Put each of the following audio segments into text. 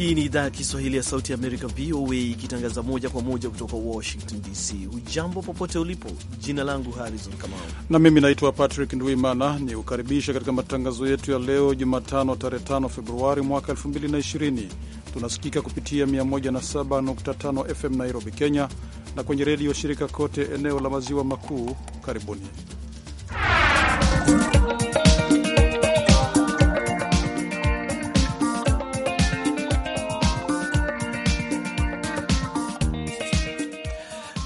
Hii ni idhaa ya Kiswahili ya Sauti ya Amerika, VOA, ikitangaza moja kwa moja kutoka Washington DC. Ujambo popote ulipo, jina langu Harrison Kamau na mimi naitwa Patrick Ndwimana, ni kukaribisha katika matangazo yetu ya leo Jumatano tarehe 5 Februari mwaka 2020. Tunasikika kupitia 107.5 FM Nairobi, Kenya, na kwenye redio shirika kote eneo la maziwa makuu. Karibuni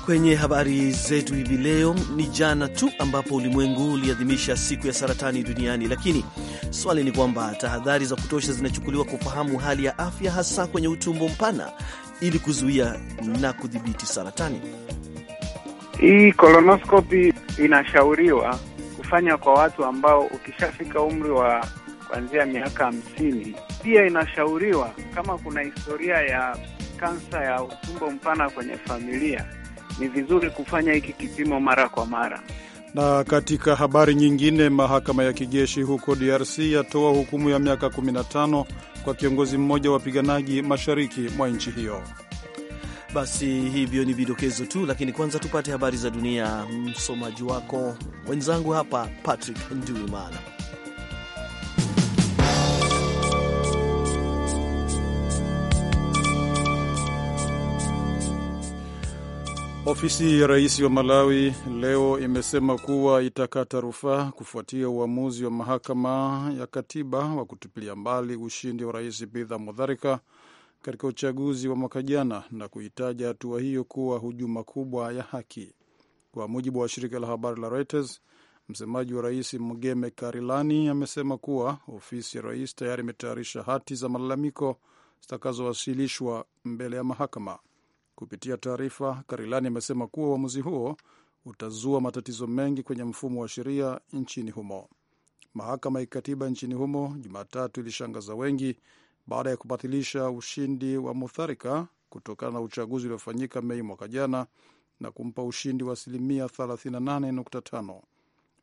Kwenye habari zetu hivi leo, ni jana tu ambapo ulimwengu uliadhimisha siku ya saratani duniani, lakini swali ni kwamba tahadhari za kutosha zinachukuliwa kufahamu hali ya afya, hasa kwenye utumbo mpana, ili kuzuia na kudhibiti saratani. Hii kolonoskopi inashauriwa kufanya kwa watu ambao ukishafika umri wa kuanzia miaka hamsini. Pia inashauriwa kama kuna historia ya kansa ya utumbo mpana kwenye familia ni vizuri kufanya hiki kipimo mara kwa mara. Na katika habari nyingine, mahakama ya kijeshi huko DRC yatoa hukumu ya miaka 15 kwa kiongozi mmoja wa wapiganaji mashariki mwa nchi hiyo. Basi hivyo ni vidokezo tu, lakini kwanza tupate habari za dunia. Msomaji wako mwenzangu hapa Patrick Nduimana. Ofisi ya rais wa Malawi leo imesema kuwa itakata rufaa kufuatia uamuzi wa mahakama ya katiba wa kutupilia mbali ushindi wa rais Bidha Mudharika katika uchaguzi wa mwaka jana na kuitaja hatua hiyo kuwa hujuma kubwa ya haki. Kwa mujibu wa shirika la habari la Reuters, msemaji wa rais mgeme Karilani amesema kuwa ofisi ya rais tayari imetayarisha hati za malalamiko zitakazowasilishwa mbele ya mahakama. Kupitia taarifa, Karilani amesema kuwa uamuzi huo utazua matatizo mengi kwenye mfumo wa sheria nchini humo. Mahakama ya kikatiba nchini humo Jumatatu ilishangaza wengi baada ya kubatilisha ushindi wa Mutharika kutokana na uchaguzi uliofanyika Mei mwaka jana na kumpa ushindi wa asilimia 38.5.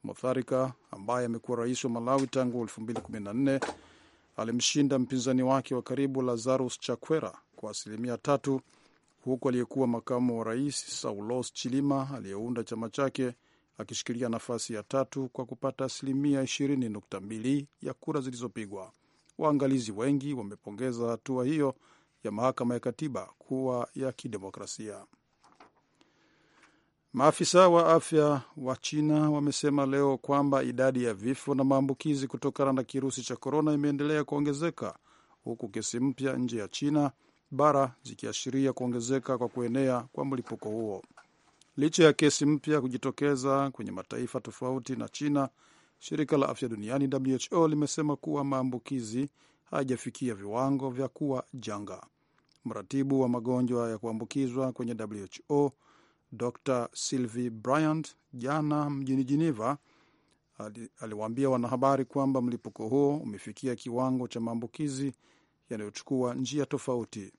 Mutharika ambaye amekuwa rais wa Malawi tangu 2014 alimshinda mpinzani wake wa karibu Lazarus Chakwera kwa asilimia tatu huku aliyekuwa makamu wa rais Saulos Chilima aliyeunda chama chake akishikilia nafasi ya tatu kwa kupata asilimia 20.2 ya kura zilizopigwa. Waangalizi wengi wamepongeza hatua hiyo ya mahakama ya katiba kuwa ya kidemokrasia. Maafisa wa afya wa China wamesema leo kwamba idadi ya vifo na maambukizi kutokana na kirusi cha korona imeendelea kuongezeka huku kesi mpya nje ya China bara zikiashiria kuongezeka kwa kuenea kwa mlipuko huo. Licha ya kesi mpya kujitokeza kwenye mataifa tofauti na China, shirika la afya duniani WHO limesema kuwa maambukizi hayajafikia viwango vya kuwa janga. Mratibu wa magonjwa ya kuambukizwa kwenye WHO Dr Sylvie Bryant jana mjini Geneva aliwaambia wanahabari kwamba mlipuko huo umefikia kiwango cha maambukizi yanayochukua njia tofauti.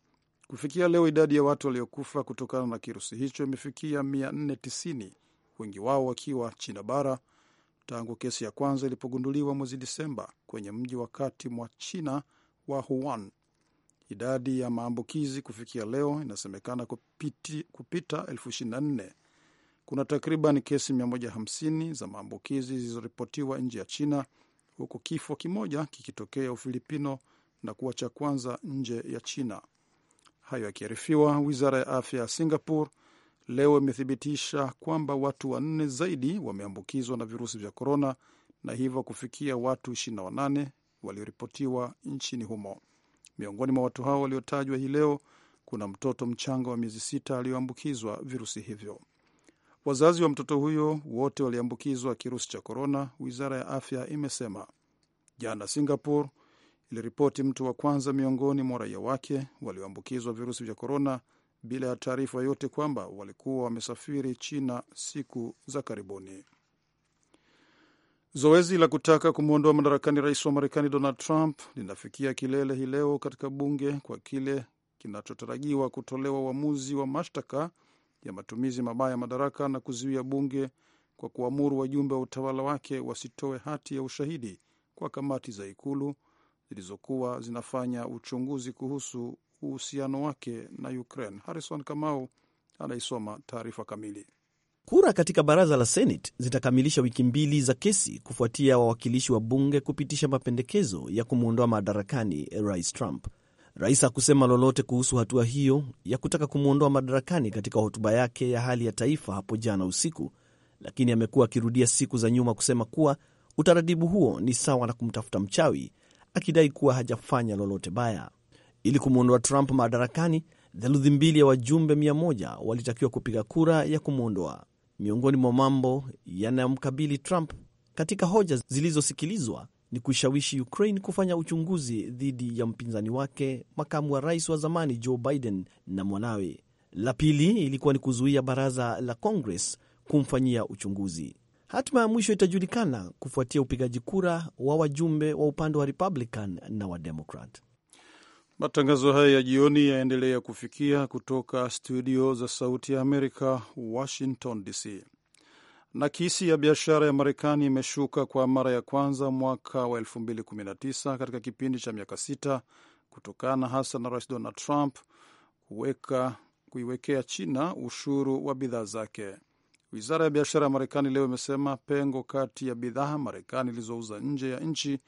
Kufikia leo idadi ya watu waliokufa kutokana na kirusi hicho imefikia 490, wengi wao wakiwa China bara tangu kesi ya kwanza ilipogunduliwa mwezi Disemba kwenye mji wa kati mwa China wa Wuhan. Idadi ya maambukizi kufikia leo inasemekana kupiti, kupita elfu Kuna takriban kesi 150 za maambukizi zilizoripotiwa nje ya China, huku kifo kimoja kikitokea Ufilipino na kuwa cha kwanza nje ya China. Hayo yakiarifiwa, wizara ya afya ya Singapore leo imethibitisha kwamba watu wanne zaidi wameambukizwa na virusi vya korona na hivyo kufikia watu 28 walioripotiwa nchini humo. Miongoni mwa watu hao waliotajwa hii leo kuna mtoto mchanga wa miezi sita aliyoambukizwa virusi hivyo. Wazazi wa mtoto huyo wote waliambukizwa kirusi cha korona, wizara ya afya imesema jana. Singapore iliripoti mtu wa kwanza miongoni mwa raia wake walioambukizwa virusi vya korona bila ya taarifa yote kwamba walikuwa wamesafiri China siku za karibuni. Zoezi la kutaka kumwondoa madarakani rais wa Marekani Donald Trump linafikia kilele hii leo katika bunge kwa kile kinachotarajiwa kutolewa uamuzi wa mashtaka ya matumizi mabaya ya madaraka na kuzuia bunge kwa kuamuru wajumbe wa utawala wake wasitoe hati ya ushahidi kwa kamati za ikulu zilizokuwa zinafanya uchunguzi kuhusu uhusiano wake na Ukraine. Harrison Kamau anaisoma taarifa kamili. Kura katika baraza la Senate zitakamilisha wiki mbili za kesi kufuatia wawakilishi wa bunge kupitisha mapendekezo ya kumwondoa madarakani rais Trump. Rais hakusema lolote kuhusu hatua hiyo ya kutaka kumwondoa madarakani katika hotuba yake ya hali ya taifa hapo jana usiku, lakini amekuwa akirudia siku za nyuma kusema kuwa utaratibu huo ni sawa na kumtafuta mchawi akidai kuwa hajafanya lolote baya. Ili kumwondoa Trump madarakani, theluthi mbili ya wajumbe mia moja walitakiwa kupiga kura ya kumwondoa. Miongoni mwa mambo yanayomkabili Trump katika hoja zilizosikilizwa ni kuishawishi Ukraine kufanya uchunguzi dhidi ya mpinzani wake makamu wa rais wa zamani Joe Biden na mwanawe. La pili ilikuwa ni kuzuia baraza la Congress kumfanyia uchunguzi. Hatima ya mwisho itajulikana kufuatia upigaji kura wa wajumbe wa upande wa Republican na wa Democrat. Matangazo haya ya jioni yaendelea kufikia kutoka studio za Sauti ya Amerika, Washington DC. Nakisi ya biashara ya Marekani imeshuka kwa mara ya kwanza mwaka wa 2019 katika kipindi cha miaka sita kutokana hasa na Rais Donald Trump kuweka kuiwekea China ushuru wa bidhaa zake. Wizara ya biashara ya Marekani leo imesema pengo kati ya bidhaa Marekani ilizouza nje ya nchi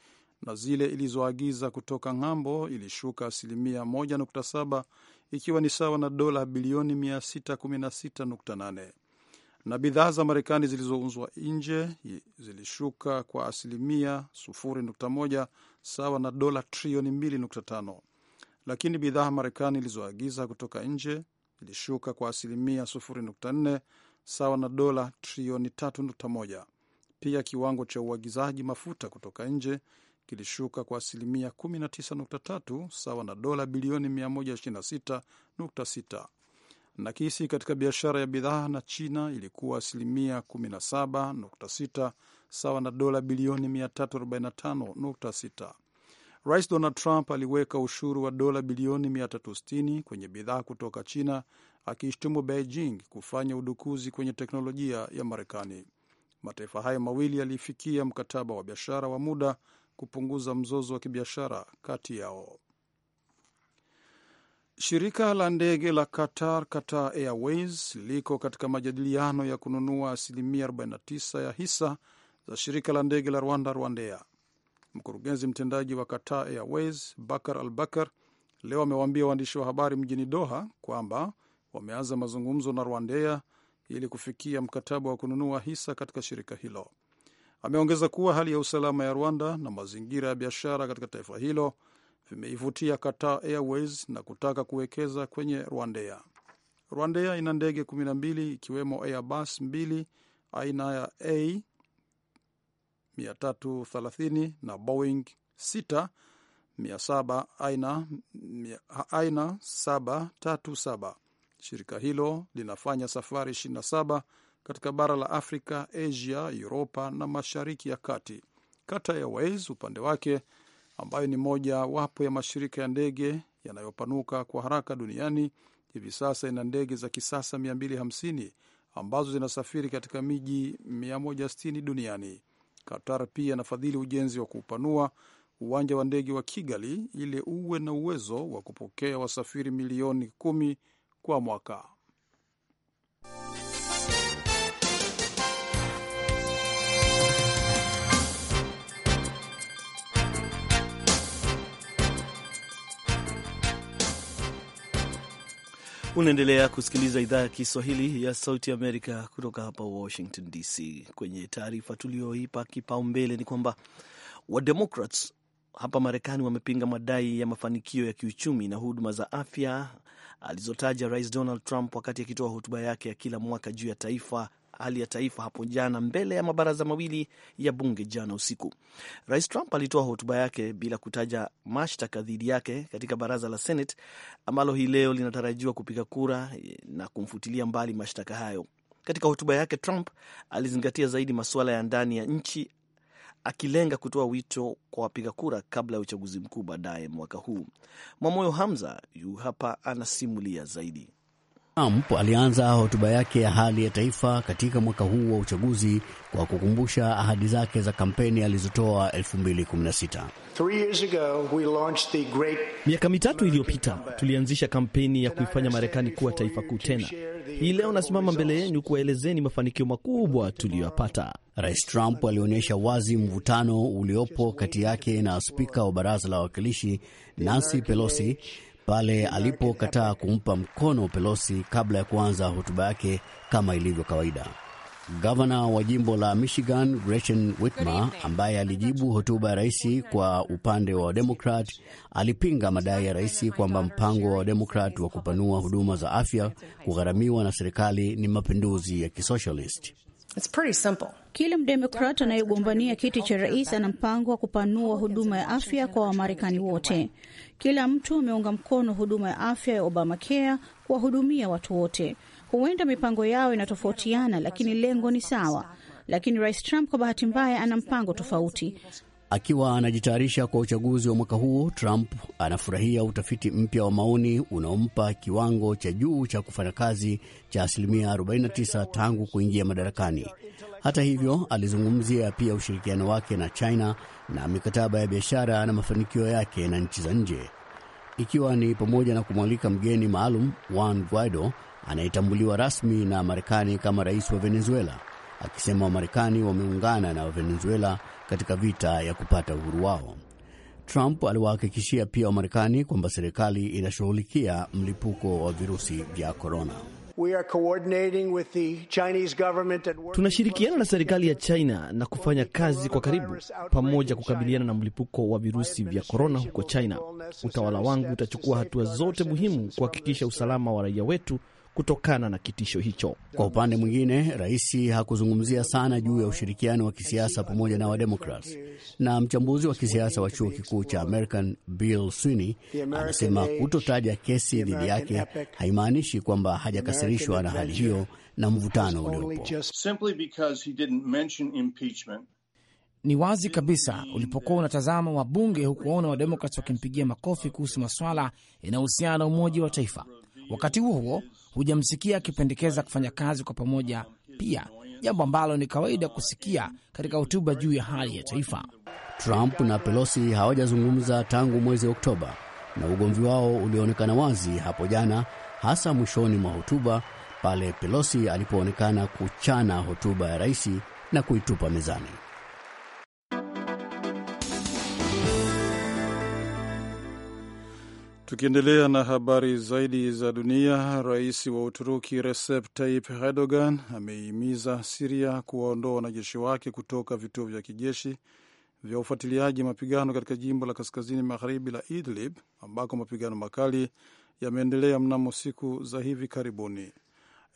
na zile ilizoagiza kutoka ng'ambo ilishuka asilimia 1.7 ikiwa ni sawa na dola bilioni 616.8 na bidhaa za Marekani zilizouzwa nje zilishuka kwa asilimia 0.1 sawa na dola trilioni 2.5, lakini bidhaa Marekani ilizoagiza kutoka nje ilishuka kwa asilimia 0.4 sawa na dola trilioni 3.1. Pia kiwango cha uagizaji mafuta kutoka nje kilishuka kwa asilimia 19.3 sawa na dola bilioni 126.6. Nakisi katika biashara ya bidhaa na China ilikuwa asilimia 17.6 sawa na dola bilioni 345.6. Rais Donald Trump aliweka ushuru wa dola bilioni 360 kwenye bidhaa kutoka China, akiishtumu Beijing kufanya udukuzi kwenye teknolojia ya Marekani. Mataifa hayo mawili yalifikia mkataba wa biashara wa muda kupunguza mzozo wa kibiashara kati yao. Shirika la ndege la Qatar, Qatar Airways, liko katika majadiliano ya kununua asilimia 49 ya hisa za shirika la ndege la Rwanda, RwandAir. Mkurugenzi mtendaji wa Qatar Airways Bakar Al Bakar leo amewaambia waandishi wa habari mjini Doha kwamba wameanza mazungumzo na Rwandea ili kufikia mkataba wa kununua hisa katika shirika hilo. Ameongeza kuwa hali ya usalama ya Rwanda na mazingira ya biashara katika taifa hilo vimeivutia Qatar Airways na kutaka kuwekeza kwenye Rwandea. Rwandea ina ndege 12 ikiwemo Airbus 2 aina ya A 330 na Boeing 6 aina, aina 737. Shirika hilo linafanya safari 27 katika bara la Afrika, Asia, Uropa na Mashariki ya Kati. Qatar Airways upande wake, ambayo ni moja wapo ya mashirika ya ndege yanayopanuka kwa haraka duniani, hivi sasa ina ndege za kisasa 250 ambazo zinasafiri katika miji 160 duniani. Qatar pia inafadhili ujenzi wa kuupanua uwanja wa ndege wa Kigali ili uwe na uwezo wa kupokea wasafiri milioni kumi kwa mwaka. Unaendelea kusikiliza idhaa ya Kiswahili ya Sauti Amerika kutoka hapa Washington DC. Kwenye taarifa tuliyoipa kipaumbele ni kwamba Wademokrats hapa Marekani wamepinga madai ya mafanikio ya kiuchumi na huduma za afya alizotaja Rais Donald Trump wakati akitoa hotuba yake ya kila mwaka juu ya taifa hali ya taifa hapo jana mbele ya mabaraza mawili ya bunge jana usiku. Rais Trump alitoa hotuba yake bila kutaja mashtaka dhidi yake katika baraza la Senate ambalo hii leo linatarajiwa kupiga kura eh, na kumfutilia mbali mashtaka hayo. Katika hotuba yake, Trump alizingatia zaidi masuala ya ndani ya nchi akilenga kutoa wito kwa wapiga kura kabla ya uchaguzi mkuu baadaye mwaka huu. Mwamoyo Hamza yu hapa anasimulia zaidi. Trump alianza hotuba yake ya hali ya taifa katika mwaka huu wa uchaguzi kwa kukumbusha ahadi zake za kampeni alizotoa 2016. Miaka mitatu iliyopita tulianzisha kampeni ya kuifanya Marekani kuwa taifa kuu tena. Hii leo nasimama mbele yenu kuwaelezeni mafanikio makubwa tuliyoyapata. Rais Trump alionyesha wazi mvutano uliopo kati yake na spika wa baraza la wawakilishi Nancy Pelosi pale alipokataa kumpa mkono Pelosi kabla ya kuanza hotuba yake kama ilivyo kawaida. Gavana wa jimbo la Michigan Gretchen Whitmer, ambaye alijibu hotuba ya raisi kwa upande wa Wademokrat, alipinga madai ya raisi kwamba mpango wa Wademokrat wa kupanua huduma za afya kugharamiwa na serikali ni mapinduzi ya kisoshalisti. It's pretty simple. Kila mdemokrat anayegombania kiti cha rais ana mpango wa kupanua huduma ya afya kwa Wamarekani wote. Kila mtu ameunga mkono huduma ya afya ya Obamacare kuwahudumia watu wote. Huenda mipango yao inatofautiana, lakini lengo ni sawa. Lakini rais Trump kwa bahati mbaya ana mpango tofauti. Akiwa anajitayarisha kwa uchaguzi wa mwaka huu, Trump anafurahia utafiti mpya wa maoni unaompa kiwango cha juu cha kufanya kazi cha asilimia 49 tangu kuingia madarakani. Hata hivyo, alizungumzia pia ushirikiano wake na China na mikataba ya biashara na mafanikio yake na nchi za nje, ikiwa ni pamoja na kumwalika mgeni maalum Juan Guaido anayetambuliwa rasmi na Marekani kama rais wa Venezuela, akisema Wamarekani wameungana na Wavenezuela katika vita ya kupata uhuru wao. Trump aliwahakikishia pia Wamarekani kwamba serikali inashughulikia mlipuko wa virusi vya korona. Tunashirikiana na serikali ya China na kufanya kazi kwa karibu pamoja kukabiliana na mlipuko wa virusi vya korona huko China. Utawala wangu utachukua hatua zote muhimu kuhakikisha usalama wa raia wetu kutokana na kitisho hicho. Kwa upande mwingine, rais hakuzungumzia sana juu ya ushirikiano wa kisiasa pamoja na wademokrat na mchambuzi wa kisiasa wa chuo kikuu cha American Bill Sweeney anasema kutotaja kesi dhidi yake haimaanishi kwamba hajakasirishwa na hali hiyo na mvutano uliopo. Ni wazi kabisa, ulipokuwa unatazama wabunge hukuwaona wademokrat wakimpigia makofi kuhusu maswala yanayohusiana na umoja wa taifa Wakati huo huo, hujamsikia akipendekeza kufanya kazi kwa pamoja pia, jambo ambalo ni kawaida kusikia katika hotuba juu ya hali ya taifa. Trump na Pelosi hawajazungumza tangu mwezi Oktoba, na ugomvi wao ulioonekana wazi hapo jana, hasa mwishoni mwa hotuba pale Pelosi alipoonekana kuchana hotuba ya rais na kuitupa mezani. Tukiendelea na habari zaidi za dunia, rais wa Uturuki Recep Tayyip Erdogan ameihimiza Siria kuwaondoa wanajeshi wake kutoka vituo vya kijeshi vya ufuatiliaji mapigano katika jimbo la kaskazini magharibi la Idlib ambako mapigano makali yameendelea mnamo siku za hivi karibuni.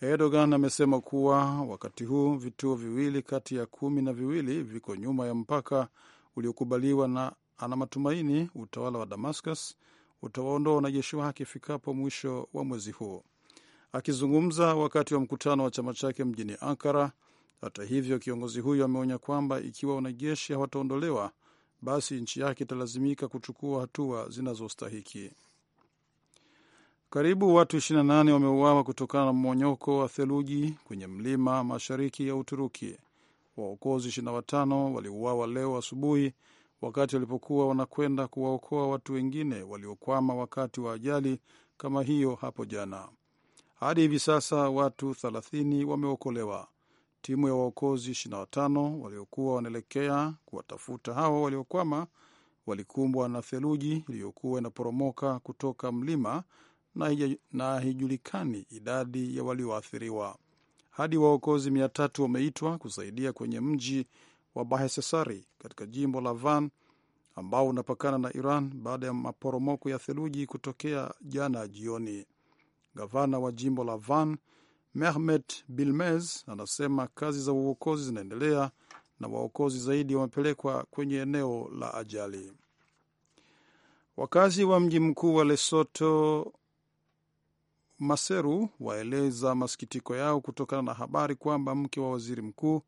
Erdogan amesema kuwa wakati huu vituo viwili kati ya kumi na viwili viko nyuma ya mpaka uliokubaliwa na ana matumaini utawala wa Damascus utawaondoa wanajeshi wake ifikapo mwisho wa mwezi huu. Akizungumza wakati wa mkutano wa chama chake mjini Ankara, hata hivyo, kiongozi huyo ameonya kwamba ikiwa wanajeshi hawataondolewa, basi nchi yake italazimika kuchukua hatua zinazostahiki. Karibu watu 28 wameuawa kutokana na mmonyoko wa theluji kwenye mlima mashariki ya Uturuki. Waokozi 25 waliuawa leo asubuhi wakati walipokuwa wanakwenda kuwaokoa watu wengine waliokwama wakati wa ajali kama hiyo hapo jana. Hadi hivi sasa watu 30 wameokolewa. Timu ya waokozi 25 waliokuwa wanaelekea kuwatafuta hao waliokwama walikumbwa na theluji iliyokuwa inaporomoka kutoka mlima na haijulikani idadi ya walioathiriwa. Hadi waokozi mia tatu wameitwa kusaidia kwenye mji wa Bahesesari katika jimbo la Van ambao unapakana na Iran baada ya maporomoko ya theluji kutokea jana jioni. Gavana wa jimbo la Van Mehmet Bilmez anasema kazi za uokozi zinaendelea na waokozi zaidi wamepelekwa kwenye eneo la ajali. Wakazi wa mji mkuu wa Lesoto, Maseru, waeleza masikitiko yao kutokana na habari kwamba mke wa waziri mkuu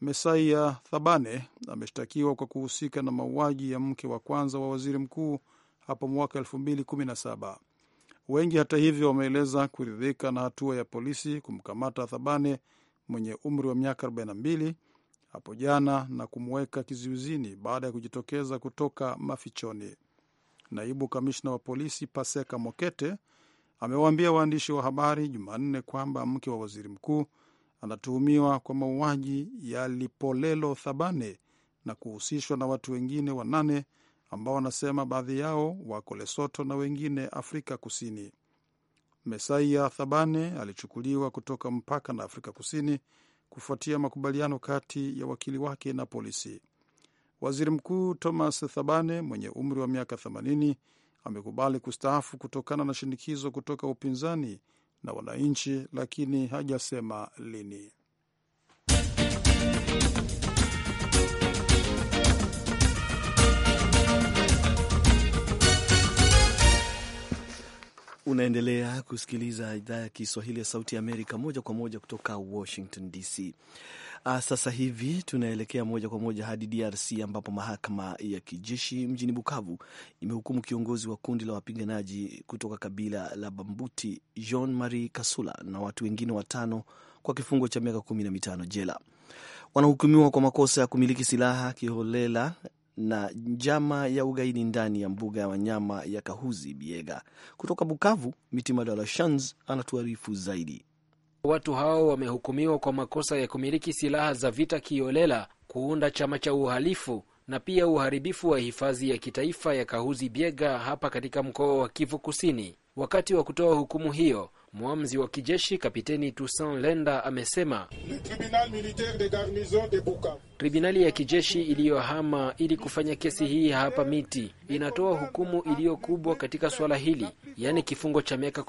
Mesaia Thabane ameshtakiwa kwa kuhusika na mauaji ya mke wa kwanza wa waziri mkuu hapo mwaka 2017. Wengi hata hivyo wameeleza kuridhika na hatua ya polisi kumkamata Thabane mwenye umri wa miaka 42 hapo jana na kumweka kizuizini baada ya kujitokeza kutoka mafichoni. Naibu kamishna wa polisi Paseka Mokete amewaambia waandishi wa habari Jumanne kwamba mke wa waziri mkuu anatuhumiwa kwa mauaji ya Lipolelo Thabane na kuhusishwa na watu wengine wanane ambao wanasema baadhi yao wako Lesoto na wengine Afrika Kusini. Mesaia Thabane alichukuliwa kutoka mpaka na Afrika Kusini kufuatia makubaliano kati ya wakili wake na polisi. Waziri Mkuu Thomas Thabane mwenye umri wa miaka 80 amekubali kustaafu kutokana na shinikizo kutoka upinzani na wananchi, lakini hajasema lini. Unaendelea kusikiliza idhaa ya Kiswahili ya Sauti ya Amerika moja kwa moja kutoka Washington DC. Ah, sasa hivi tunaelekea moja kwa moja hadi DRC ambapo mahakama ya kijeshi mjini Bukavu imehukumu kiongozi wa kundi la wapiganaji kutoka kabila la Bambuti Jean Marie Kasula na watu wengine watano kwa kifungo cha miaka kumi na mitano jela. Wanahukumiwa kwa makosa ya kumiliki silaha kiholela na njama ya ugaidi ndani ya mbuga ya wanyama ya Kahuzi Biega. Kutoka Bukavu, Mitima de anatuarifu zaidi. Watu hao wamehukumiwa kwa makosa ya kumiliki silaha za vita kiolela, kuunda chama cha uhalifu na pia uharibifu wa hifadhi ya kitaifa ya Kahuzi Biega hapa katika mkoa wa Kivu Kusini. Wakati wa kutoa hukumu hiyo, mwamzi wa kijeshi Kapiteni Toussaint Lenda amesema tribunali ya kijeshi iliyohama ili kufanya kesi hii hapa miti inatoa hukumu iliyo kubwa katika suala hili, yaani kifungo cha miaka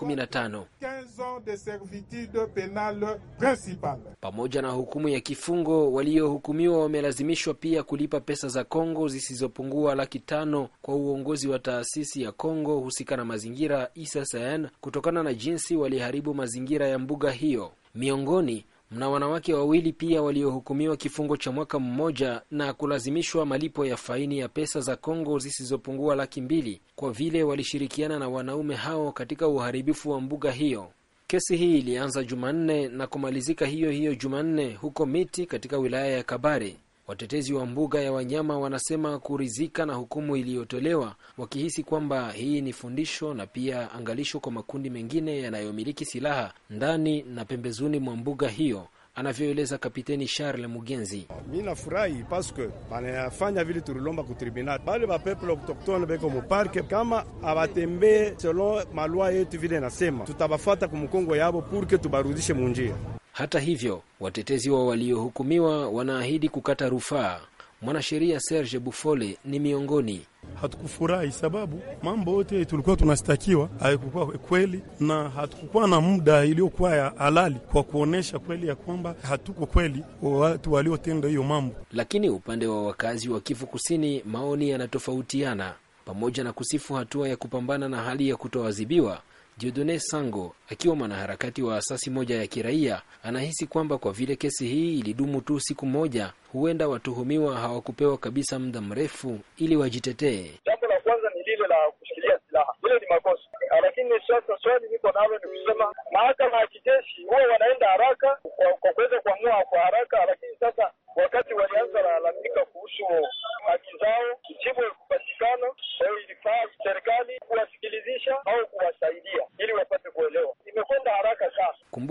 de servitude penale principale. Pamoja na hukumu ya kifungo, waliohukumiwa wamelazimishwa pia kulipa pesa za Kongo zisizopungua laki tano kwa uongozi wa taasisi ya Kongo husika na mazingira ssn kutokana na jinsi waliharibu mazingira ya mbuga hiyo. Miongoni mna wanawake wawili pia waliohukumiwa kifungo cha mwaka mmoja na kulazimishwa malipo ya faini ya pesa za Kongo zisizopungua laki mbili kwa vile walishirikiana na wanaume hao katika uharibifu wa mbuga hiyo. Kesi hii ilianza Jumanne na kumalizika hiyo hiyo Jumanne huko Miti katika wilaya ya Kabare. Watetezi wa mbuga ya wanyama wanasema kuridhika na hukumu iliyotolewa, wakihisi kwamba hii ni fundisho na pia angalisho kwa makundi mengine yanayomiliki silaha ndani na pembezoni mwa mbuga hiyo anavyoeleza Kapiteni Charles Mugenzi. Mi nafurahi paske banayafanya vile tulilomba kutribunal bale bapeple autoktone beko muparke, kama abatembee selon malwa yetu vile nasema, tutabafata kumkongo yabo purke tubarudishe munjia. Hata hivyo watetezi wa waliohukumiwa wanaahidi kukata rufaa. Mwanasheria Serge Bufole ni miongoni. Hatukufurahi sababu mambo yote tulikuwa tunastakiwa haikukuwa kweli, na hatukukuwa na muda iliyokuwa ya halali kwa kuonyesha kweli ya kwamba hatuko kweli watu waliotenda hiyo mambo. Lakini upande wa wakazi wa Kivu Kusini, maoni yanatofautiana. Pamoja na kusifu hatua ya kupambana na hali ya kutoadhibiwa, Jodone Sango akiwa mwanaharakati wa asasi moja ya kiraia anahisi kwamba kwa vile kesi hii ilidumu tu siku moja, huenda watuhumiwa hawakupewa kabisa muda mrefu ili wajitetee. Jambo la kwanza ni lile la kushikilia silaha, ile ni makosa. Ah, lakini sasa swali niko nalo ni kusema mahakama ya kijeshi huwa wanaenda haraka kwa kuweza kuamua kwa haraka, lakini sasa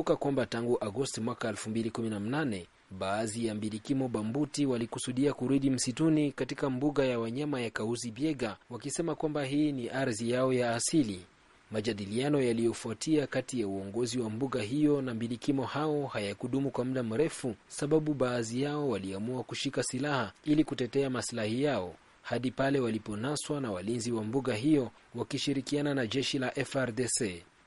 Kumbuka kwamba tangu Agosti mwaka 2018 baadhi ya mbilikimo bambuti walikusudia kurudi msituni katika mbuga ya wanyama ya Kauzi Biega wakisema kwamba hii ni ardhi yao ya asili. Majadiliano yaliyofuatia kati ya uongozi wa mbuga hiyo na mbilikimo hao hayakudumu kwa muda mrefu, sababu baadhi yao waliamua kushika silaha ili kutetea masilahi yao hadi pale waliponaswa na walinzi wa mbuga hiyo wakishirikiana na jeshi la FRDC.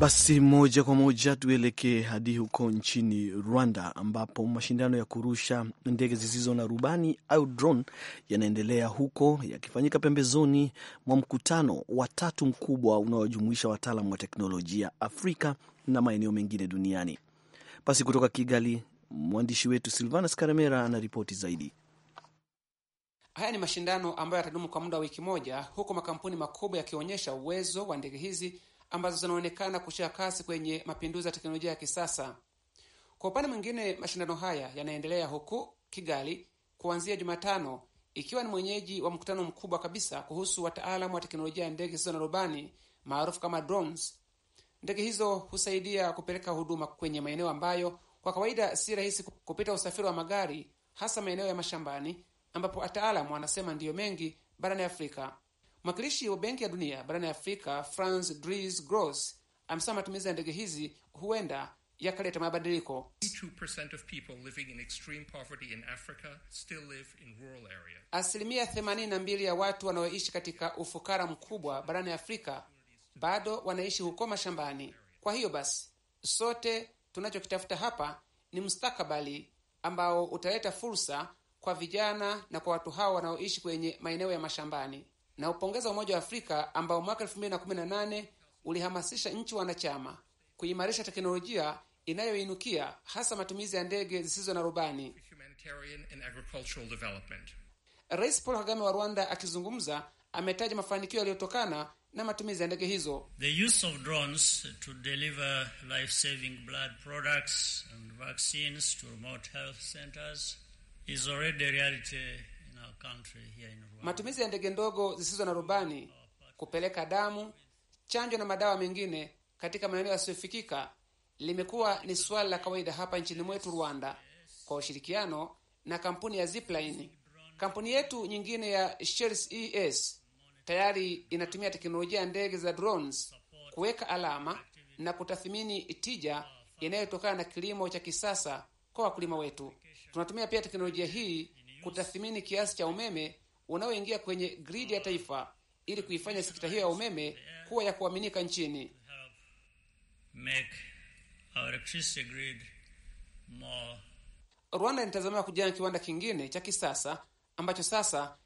Basi moja kwa moja tuelekee hadi huko nchini Rwanda, ambapo mashindano ya kurusha ndege zisizo na rubani au drone yanaendelea huko, yakifanyika pembezoni mwa mkutano wa tatu mkubwa unaojumuisha wataalam wa teknolojia Afrika na maeneo mengine duniani. Basi kutoka Kigali, mwandishi wetu Silvanus Karemera anaripoti zaidi. Haya ni mashindano ambayo yatadumu kwa muda wa wiki moja, huku makampuni makubwa yakionyesha uwezo wa ndege hizi ambazo zinaonekana kushika kasi kwenye mapinduzi ya teknolojia ya kisasa. Kwa upande mwingine, mashindano haya yanaendelea huku Kigali kuanzia Jumatano ikiwa ni mwenyeji wa mkutano mkubwa kabisa kuhusu wataalamu wa teknolojia ya ndege zisizo na rubani maarufu kama drones. Ndege hizo husaidia kupeleka huduma kwenye maeneo ambayo kwa kawaida si rahisi kupita usafiri wa magari, hasa maeneo ya mashambani ambapo wataalamu wanasema ndiyo mengi barani Afrika. Mwakilishi wa Benki ya Dunia barani Afrika France Dries Gross amesema matumizi ya ndege hizi huenda yakaleta mabadiliko. Asilimia themanini na mbili ya watu wanaoishi katika ufukara mkubwa barani Afrika bado wanaishi huko mashambani. Kwa hiyo basi, sote tunachokitafuta hapa ni mustakabali ambao utaleta fursa kwa vijana na kwa watu hao wanaoishi kwenye maeneo ya mashambani na upongeza Umoja wa Afrika ambao mwaka 2018 ulihamasisha nchi wanachama kuimarisha teknolojia inayoinukia hasa matumizi ya ndege zisizo na rubani. Rais Paul Kagame wa Rwanda akizungumza ametaja mafanikio yaliyotokana na matumizi ya ndege hizo. The use of drones to deliver life-saving blood products and vaccines to remote health centers is already a reality matumizi ya ndege ndogo zisizo na rubani, kupeleka damu, chanjo na madawa mengine katika maeneo yasiyofikika limekuwa ni suala la kawaida hapa nchini mwetu Rwanda, kwa ushirikiano na kampuni ya Zipline. Kampuni yetu nyingine ya Shels ES tayari inatumia teknolojia ya ndege za drones kuweka alama na kutathimini tija inayotokana na kilimo cha kisasa kwa wakulima wetu. Tunatumia pia teknolojia hii kutathimini kiasi cha umeme unaoingia kwenye gridi ya taifa ili kuifanya sekta hiyo ya umeme kuwa ya kuaminika nchini. Rwanda inatazamiwa kujenga kiwanda kingine cha kisasa ambacho sasa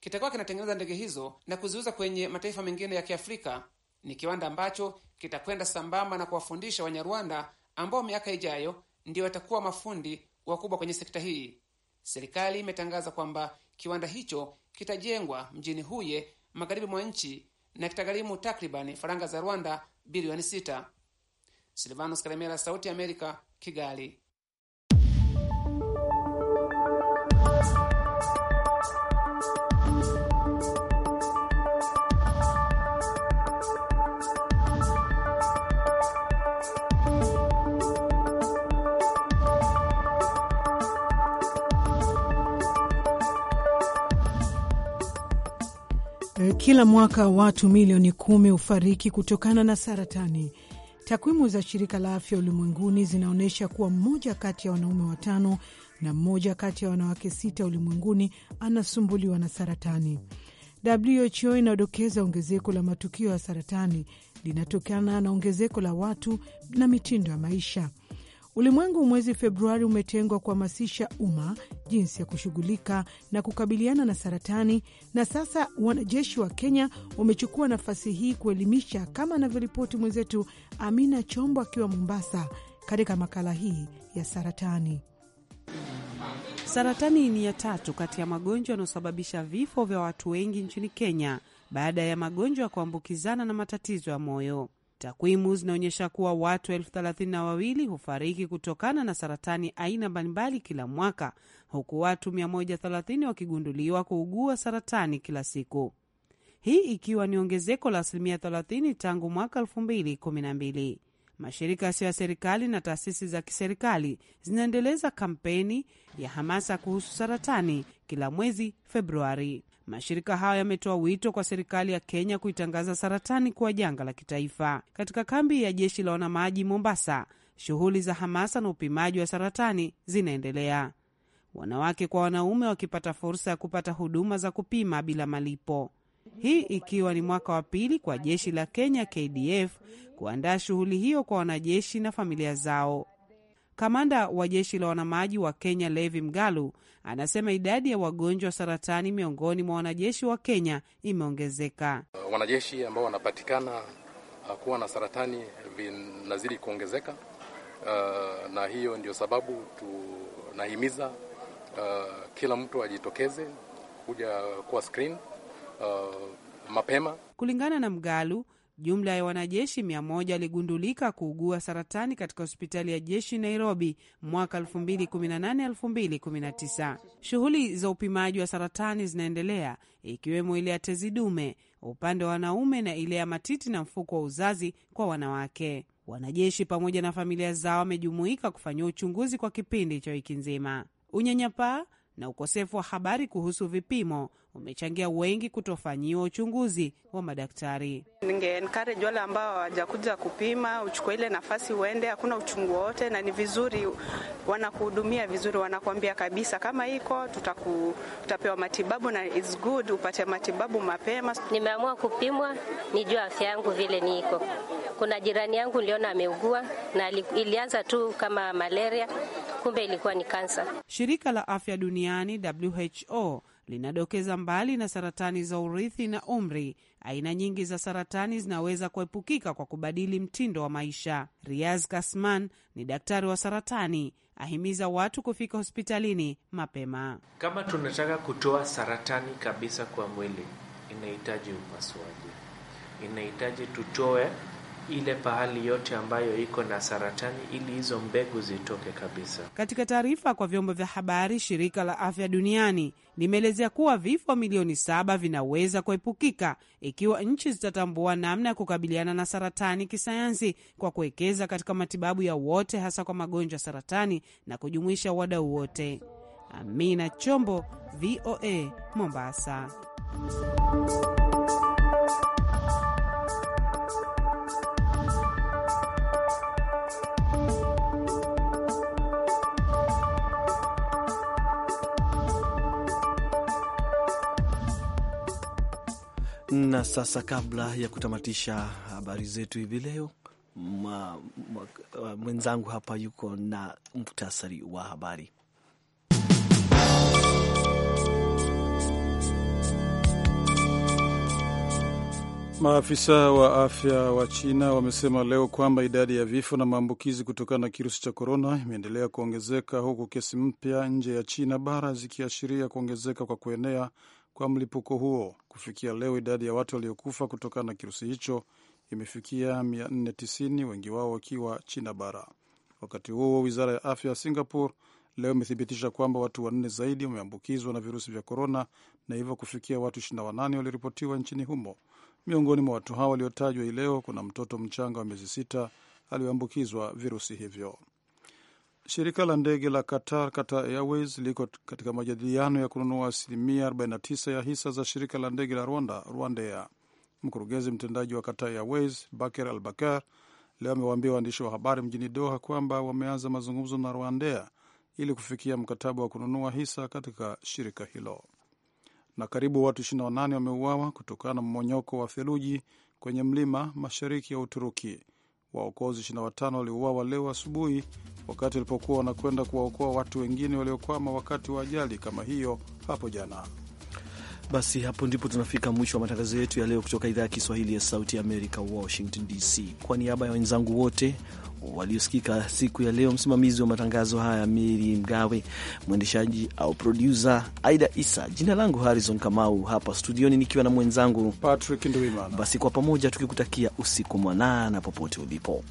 kitakuwa kinatengeneza ndege hizo na kuziuza kwenye mataifa mengine ya Kiafrika. Ni kiwanda ambacho kitakwenda sambamba na kuwafundisha Wanyarwanda ambao miaka ijayo ndio watakuwa mafundi wakubwa kwenye sekta hii. Serikali imetangaza kwamba kiwanda hicho kitajengwa mjini Huye, magharibi mwa nchi na kitagharimu takribani faranga za Rwanda bilioni 6. Silvanos Karemera, Sauti ya Amerika, Kigali. kila mwaka watu milioni kumi hufariki kutokana na saratani. Takwimu za shirika la afya ulimwenguni zinaonyesha kuwa mmoja kati ya wanaume watano na mmoja kati ya wanawake sita ulimwenguni anasumbuliwa na saratani. WHO inadokeza ongezeko la matukio ya saratani linatokana na ongezeko la watu na mitindo ya maisha. Ulimwengu mwezi Februari umetengwa kuhamasisha umma jinsi ya kushughulika na kukabiliana na saratani, na sasa wanajeshi wa Kenya wamechukua nafasi hii kuelimisha, kama anavyoripoti mwenzetu Amina Chombo akiwa Mombasa, katika makala hii ya saratani. Saratani ni ya tatu kati ya magonjwa yanayosababisha vifo vya watu wengi nchini Kenya baada ya magonjwa ya kuambukizana na matatizo ya moyo. Takwimu zinaonyesha kuwa watu elfu thelathini na wawili hufariki kutokana na saratani aina mbalimbali kila mwaka, huku watu 130 wakigunduliwa kuugua saratani kila siku, hii ikiwa ni ongezeko la asilimia 30 tangu mwaka 2012. Mashirika yasiyo ya serikali na taasisi za kiserikali zinaendeleza kampeni ya hamasa kuhusu saratani kila mwezi Februari. Mashirika hayo yametoa wito kwa serikali ya Kenya kuitangaza saratani kuwa janga la kitaifa. Katika kambi ya jeshi la wanamaji Mombasa, shughuli za hamasa na upimaji wa saratani zinaendelea, wanawake kwa wanaume wakipata fursa ya kupata huduma za kupima bila malipo, hii ikiwa ni mwaka wa pili kwa jeshi la Kenya KDF kuandaa shughuli hiyo kwa wanajeshi na familia zao. Kamanda wa jeshi la wanamaji wa Kenya Levi Mgalu anasema idadi ya wagonjwa wa saratani miongoni mwa wanajeshi wa Kenya imeongezeka. Uh, wanajeshi ambao wanapatikana uh, kuwa na saratani vinazidi kuongezeka, uh, na hiyo ndio sababu tunahimiza kila mtu ajitokeze kuja kuwa screen mapema. Kulingana na Mgalu, Jumla ya wanajeshi mia moja waligundulika kuugua saratani katika hospitali ya jeshi Nairobi mwaka 2018-2019. Shughuli za upimaji wa saratani zinaendelea ikiwemo ile ya tezi dume upande wa wanaume na ile ya matiti na mfuko wa uzazi kwa wanawake. Wanajeshi pamoja na familia zao wamejumuika kufanyia uchunguzi kwa kipindi cha wiki nzima. Unyanyapaa na ukosefu wa habari kuhusu vipimo umechangia wengi kutofanyiwa uchunguzi wa madaktari. Ninge encourage wale ambao hawajakuja kupima, uchukue ile nafasi uende, hakuna uchungu wote, na ni vizuri wanakuhudumia vizuri, wanakuambia kabisa kama iko tutaku, tutapewa matibabu na it's good upate matibabu mapema. Nimeamua kupimwa jua afya yangu vile niko. Kuna jirani yangu niliona ameugua na ilianza tu kama malaria, kumbe ilikuwa ni kansa. Shirika la Afya Duniani WHO linadokeza mbali na saratani za urithi na umri, aina nyingi za saratani zinaweza kuepukika kwa kubadili mtindo wa maisha. Riaz Kasman ni daktari wa saratani, ahimiza watu kufika hospitalini mapema. Kama tunataka kutoa saratani kabisa kwa mwili, inahitaji upasuaji, inahitaji tutoe ile pahali yote ambayo iko na saratani ili hizo mbegu zitoke kabisa. Katika taarifa kwa vyombo vya habari, shirika la afya duniani limeelezea kuwa vifo milioni saba vinaweza kuepukika ikiwa nchi zitatambua namna ya kukabiliana na saratani kisayansi kwa kuwekeza katika matibabu ya wote, hasa kwa magonjwa saratani na kujumuisha wadau wote. Amina Chombo, VOA, Mombasa. Na sasa kabla ya kutamatisha habari zetu hivi leo, mwenzangu hapa yuko na muhtasari wa habari. Maafisa wa afya wa China wamesema leo kwamba idadi ya vifo na maambukizi kutokana na kirusi cha korona imeendelea kuongezeka huku kesi mpya nje ya China bara zikiashiria kuongezeka kwa kuenea kwa mlipuko huo. Kufikia leo, idadi ya watu waliokufa kutokana na kirusi hicho imefikia 490, wengi wao wakiwa China bara. Wakati huo, wizara ya afya ya Singapore leo imethibitisha kwamba watu wanne zaidi wameambukizwa na virusi vya korona na hivyo kufikia watu 28 walioripotiwa nchini humo. Miongoni mwa watu hao waliotajwa hii leo kuna mtoto mchanga wa miezi sita aliyoambukizwa virusi hivyo. Shirika la ndege la Qatar, Qatar Airways, liko katika majadiliano ya kununua asilimia 49 ya hisa za shirika la ndege la Rwanda, RwandAir. Mkurugenzi mtendaji wa Qatar Airways, Baker Al Bakar, leo amewaambia waandishi wa habari mjini Doha kwamba wameanza mazungumzo na RwandAir ili kufikia mkataba wa kununua hisa katika shirika hilo. Na karibu watu 28 wameuawa kutokana na mmonyoko wa theluji kwenye mlima mashariki ya Uturuki. Waokozi 25 waliuawa leo asubuhi wakati walipokuwa wanakwenda kuwaokoa watu wengine waliokwama wakati wa ajali kama hiyo hapo jana. Basi hapo ndipo tunafika mwisho wa matangazo yetu ya leo kutoka idhaa ya Kiswahili ya Sauti ya Amerika, Washington DC. Kwa niaba ya wenzangu wote waliosikika siku ya leo. Msimamizi wa matangazo haya Miri Mgawe, mwendeshaji au produsa Aida Isa. Jina langu Harrison Kamau, hapa studioni nikiwa na mwenzangu Patrick Ndwimana. Basi kwa pamoja tukikutakia usiku mwanana popote ulipo.